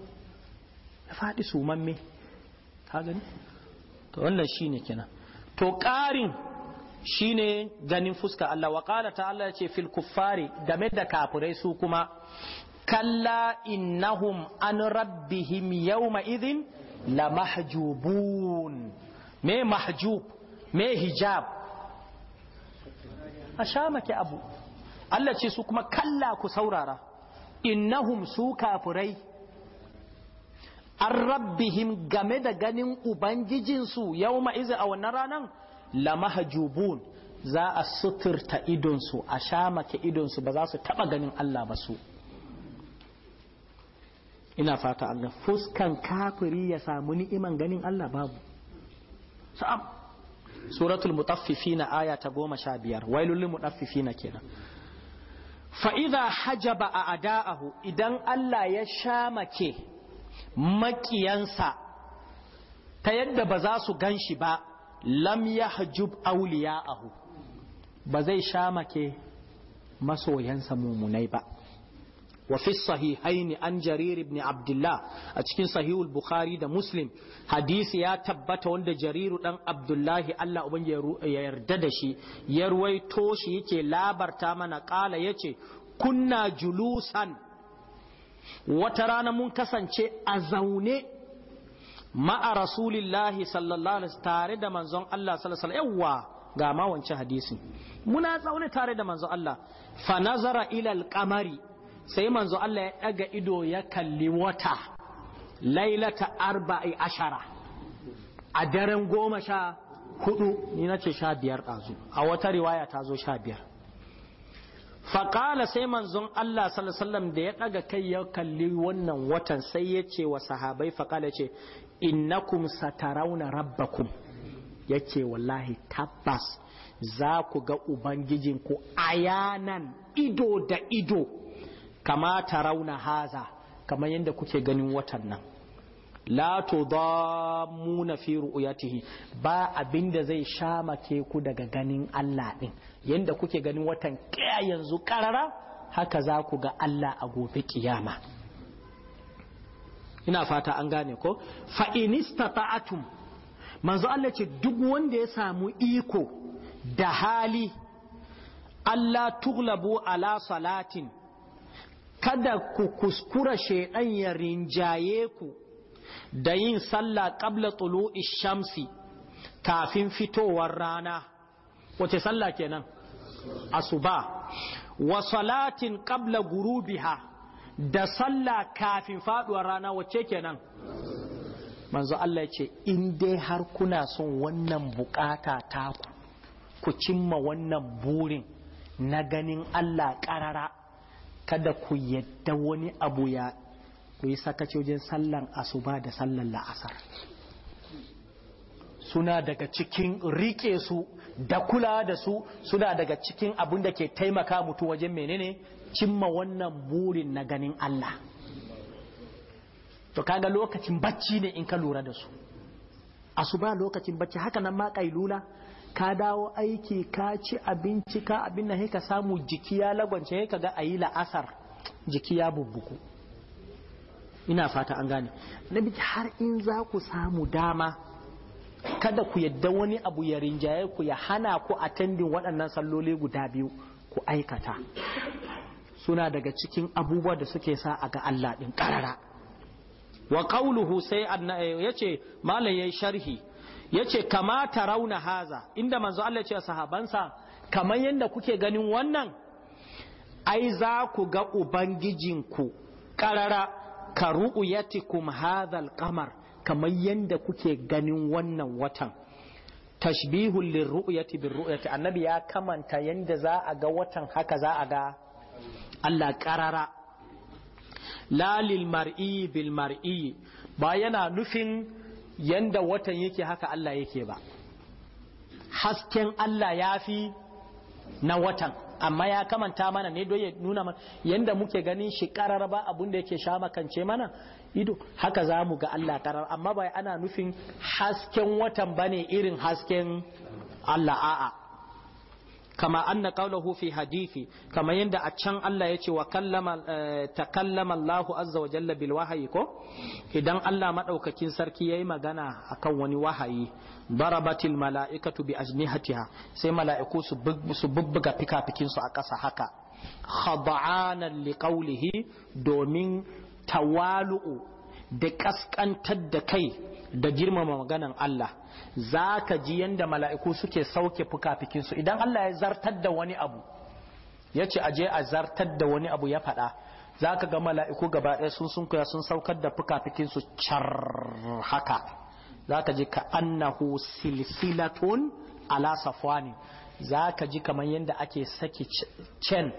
ya faɗi sumamme ka gani to wannan shine kenan to ƙarin shine ganin fuska Allah wa qala ta'ala ce fil kuffari game da kafirai su kuma kalla innahum an rabbihim yawma idhin la mahjubun me mahjub me hijab a sha maki abu Allah ce su kuma kalla ku saurara innahum su kafirai an rabbihim game da ganin ubangijinsu yau ma'iza a wannan ranan la mahjubun za a suturta idonsu a shamake idonsu ba za su taba ganin Allah ba su ina fata Allah fuskan kafiri ya samu ni'iman ganin Allah babu sa'ab suratul mutaffifina aya ta goma sha biyar wailul mutaffifina kenan fa'iza hajaba a ada'ahu idan Allah ya sha make makiyansa ta yadda ba za su gan shi ba lam yahjub ahu. ba zai sha shamake masoyansa mummunai ba wa sahihaini an jarir ibn abdullah a cikin sahihul bukhari da muslim hadisi ya tabbata wanda jariru dan abdullahi Allah ubangiji ya yarda da shi ya ruwaito shi yake labarta mana kala yace kunna julusan wata rana mun kasance a zaune ma'a rasulillahi sallallahu alaihi tare da manzon Allah sallallahu alaihi yawa ga ma wancan hadisin muna tsaune tare da manzon Allah fa nazara ila alqamari sai manzon Allah ya daga ido ya kalli wata lailata arba'i ashara a daren goma sha hudu ni ce sha biyar ɗazu a wata riwaya ta zo sha biyar faƙala sai manzon Allah sallallahu da ya ɗaga kai ya kalli wannan watan sai ya ce wa sahabai faƙala ce innakum satarauna rabbakum yace wallahi tabbas za ku ga ubangijinku ayanan ido da ido kama tarauna haza kamar yadda kuke ganin watan nan la tudammuna fi ru'yatihi ba abinda zai shamake ku daga ganin Allah din yanda kuke ganin watan kiya yanzu karara haka za ku ga Allah a gobe kiyama ina fata an gane ko fa manzo Allah ce duk wanda ya samu iko da hali Allah tuglabu ala salatin kada ku kuskura shedan ya rinjaye ku da yin sallah qabla tulu'i shamsi kafin fitowar rana wace sallah kenan asuba wa salatin qabla gurubiha da sallah kafin faduwar rana wacce kenan manzo Allah yace, in dai har kuna son wannan bukata ta ku cimma wannan burin na ganin Allah karara kada ku yadda wani abu ya ku yi sakaci wajen sallan asuba da sallan la'asar suna daga cikin rike su da kula da su suna daga cikin abin da ke taimaka mutu wajen menene cimma wannan burin na ganin Allah to kaga lokacin bacci ne in ka lura da su ba lokacin bacci haka nan ma kailula ka dawo aiki ka ci abinci ka abin nan ka samu jiki ya lagwance ka ga ayi la'asar jiki ya bubbuku ina fata an gane nabi har in za ku samu dama kada ku yadda wani abu ya rinjaye ku ya hana ku attending waɗannan salloli guda biyu ku aikata suna daga cikin abubuwa da suke sa a ga Allah ɗin ƙarara wa ƙauluhu sai eh, ya ce malam ya sharhi yace ce kamata rauna haza inda manzo Allah ce sahabansa kamar yadda kuke ganin wannan ai za ku ga ubangijin ku ƙarara ka ru'uyatikum hadhal qamar kamar yadda kuke ganin wannan watan tashbihul lirru'yati birru'yati annabi ya kamanta yanda za a ga watan haka za a ga Allah karara lalil mar'i bil mar'i ba yana nufin yanda watan yake haka Allah yake ba hasken Allah ya fi na watan amma ya kamanta mana ne don ya nuna mana yanda muke ganin shi karar ba abinda yake sha makance mana ido haka za mu ga Allah karar amma bai ana nufin hasken watan bane irin hasken Allah a'a kama anna qawluhu fi hadithi kama yadda a can Allah ya ce wa kallama eh, takallama Allah azza wa jalla bil wahayi ko idan Allah madaukakin sarki yayi magana akan wani wahayi darabatil mala'ikatu bi ajnihatiha sai mala'iku su bubbuga fikafikin su a ƙasa haka khada'anan liqawlihi domin tawalu'u da kaskantar da kai da girmama maganan Allah za ka ji yadda mala'iku suke sauke fuka fikinsu idan Allah ya zartar da wani abu ya ce aje a zartar da wani abu ya faɗa za ka ga mala'iku gaba ɗaya sun kuya sun saukar da fuka fikinsu car haka za ka ji ka annahu silsilatun ala safwani za ka ji kamar yadda ake saki cen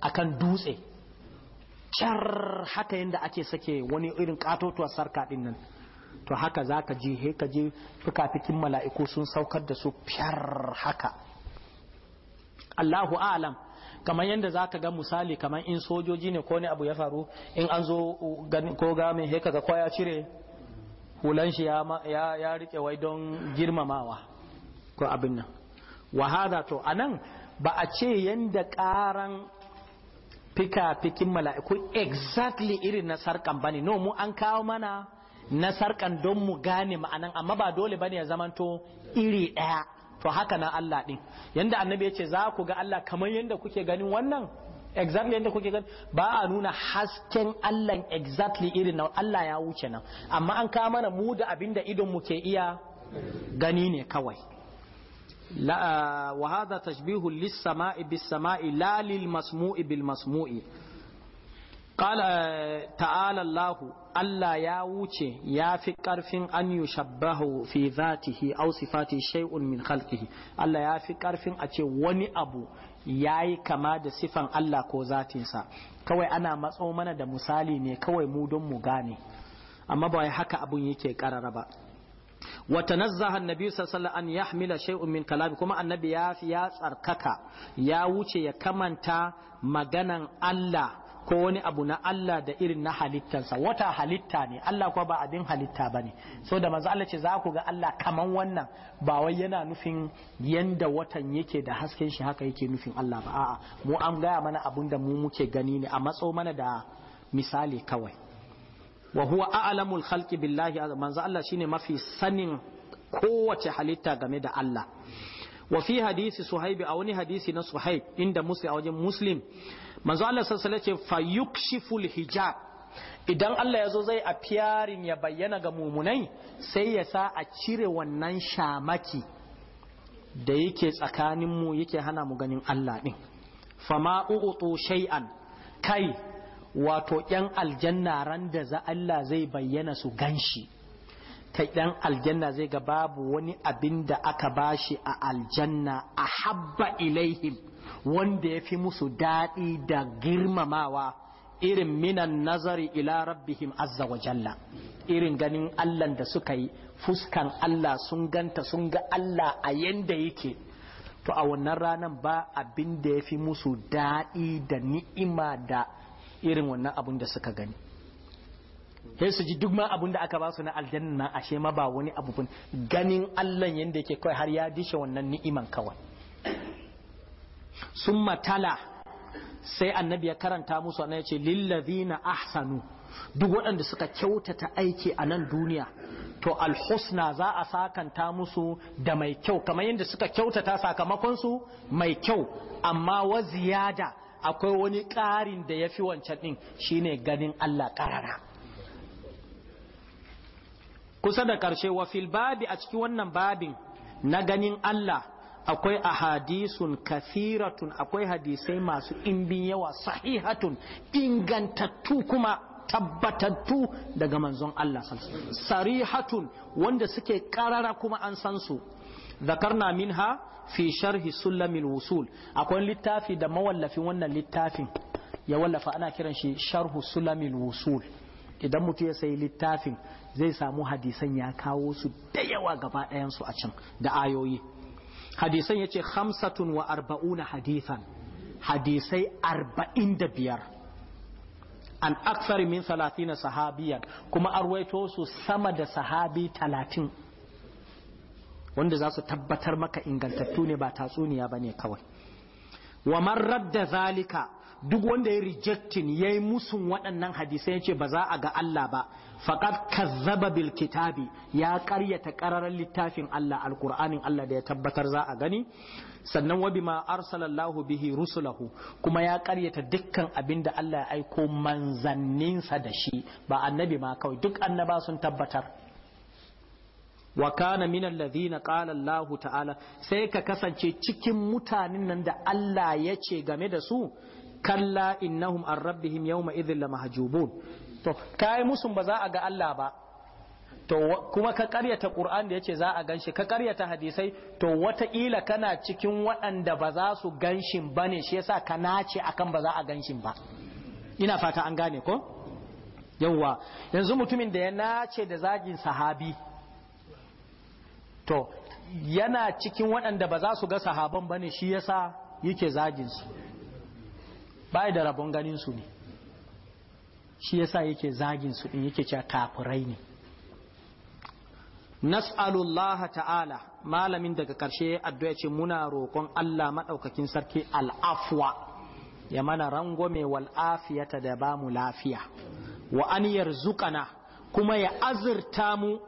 akan dutse car haka yadda ake sake wani irin katotuwar sarka ɗin nan to haka za ka ji he ka ji fikafikin mala'iku sun saukar da su fiyar haka Allahu alam kamar yadda za ka ga misali kamar in sojoji ne ko ne abu ya faru in an zo ko gami he ka ga ko ya cire hulan shi ya rike wai don girmamawa ko abin nan wahada to a nan ba a ce yadda karan fika-fikin mala'iku exactly irin na sarkan ba ne no mu an kawo mana na sarkan don mu gane ma'anan amma ba dole ne ya zamanto iri ɗaya to haka na Allah ɗin Yadda annabi ya ce za ku ga Allah kamar yadda kuke ganin wannan exactly yadda kuke gani ba a nuna hasken Allah exactly irin na Allah ya wuce nan amma an kawo mana mu da abin da idon mu ke iya gani ne kawai la ah, wa hadha tashbihu lis sama'i bis sama'i la lil masmu'i bil masmu'i qala ta'ala Allah Allah ya wuce ya fi karfin an yushabbahu fi zatihi aw sifati shay'un min khalqihi Allah ya fi karfin a ce wani abu yayi kama da sifan Allah ko zatinsa kawai ana matso mana da misali ne kawai mu don mu gane amma ba haka abun yake karara ba Wata النبي صلى الله عليه وسلم أن يحمل شيء من كلامه كما ya يا في يا سركك يا وجه يا ko wani abu na Allah da irin na halittansa wata halitta ne Allah kuwa ba abin halitta ba ne so da manzo Allah ce za ku ga Allah kaman wannan ba wai yana nufin yanda watan yake da hasken shi haka yake nufin Allah ba a'a mu an gaya mana abun da mu muke gani ne a matso mana da misali kawai wa huwa a'lamul khalqi billahi manzo Allah shine mafi sanin kowace halitta game da Allah wa fi hadisi suhaibi a wani hadisi na suhaib inda muslim a wajen muslim manzo Allah sassale ce fayukshiful hijab idan Allah ya zo zai a fiyarin ya bayyana ga mumunai sai ya sa a cire wannan shamaki da yake tsakanin mu yake hana mu ganin Allah ɗin fama uqutu shay'an kai wato ƴan aljanna ran da za Allah zai bayyana su ganshi kai dan aljanna zai ga babu wani abin da aka bashi a aljanna a habba ilaihim wanda ya fi musu daɗi da girmamawa irin minan nazari ila rabbihim azza wa jalla irin ganin Allah da suka yi fuskan Allah sun ganta sun ga Allah a yanda yake to a wannan ranan ba abin da ya fi musu daɗi da ni'ima da irin wannan abin da suka gani sai su ji duk ma abun da aka ba su na aljanna na ashe ma ba wani abu bane ganin Allah yanda yake kai har ya dishe wannan ni'iman kawai Sun matala sai annabi ya karanta musu ana yace ce lillazina ahsanu duk waɗanda suka kyautata aiki a nan duniya to alhusna za a sakanta musu da mai kyau kamar yadda suka kyautata sakamakonsu mai kyau amma wa ziyada akwai wani ƙarin da ya fi wancan ɗin shine ganin Allah ƙarara kusa da ƙarshe wa babi a cikin wannan babin na ganin Allah akwai ahadisun kathiratun akwai hadisai masu ɗimbin yawa sahihatun ingantattu kuma tabbatattu daga manzon Allah sarihatun wanda suke karara kuma an san su zakarna minha fi sharhi sulamin wusul akwai littafi da mawallafin wannan littafin ya wallafa ana kiran shi sharhu sulamin wusul idan mutum ya sayi littafin zai samu hadisan ya kawo su da yawa gaba ɗayansu a can da ayoyi hadisan ya ce hamsatun wa arba'una hadisan hadisai arba'in da biyar an aksari min na sahabiyan kuma arwaito su sama da sahabi talatin wanda za su tabbatar maka ingantattu ne ba tatsuniya ba ne kawai wa marar da zalika duk wanda ya rejectin ya yi musun waɗannan hadisai ya ce ba za a ga Allah ba faqad kazzaba bil kitabi ya karyata ƙararar littafin Allah alqur'anin Allah da ya tabbatar za a gani sannan wa bima arsalallahu bihi rusulahu kuma ya karyata dukkan abinda Allah ya aiko manzanninsa da shi ba annabi ma kawai duk annaba sun tabbatar wa kana min alladhina qala Allahu ta'ala sai ka kasance cikin mutanen nan da Allah ya ce game da su kalla innahum an rabbihim yawma idhil mahjubun to kai musun ba za a ga Allah ba to kuma ka karyata Qur'an da yace za a ganshi ka karyata hadisai to wata wataƙila kana cikin waɗanda ba za su ganshin bane shi yasa ka nace akan ba za a ganshin ba ina fata an gane ko yanzu mutumin da ya nace da zagin sahabi to yana cikin waɗanda ba za su ga sahaban bane shi yasa yake zagin su bai da rabon ganin su ne shi yasa yake zagin su din yake cewa kafirai ne nas'alullaha ta'ala malamin daga karshe addu'a ce muna roƙon Allah madaukakin sarki al'afwa ya mana rangwame wal afiyata da bamu lafiya wa an yarzuqana kuma ya azurta mu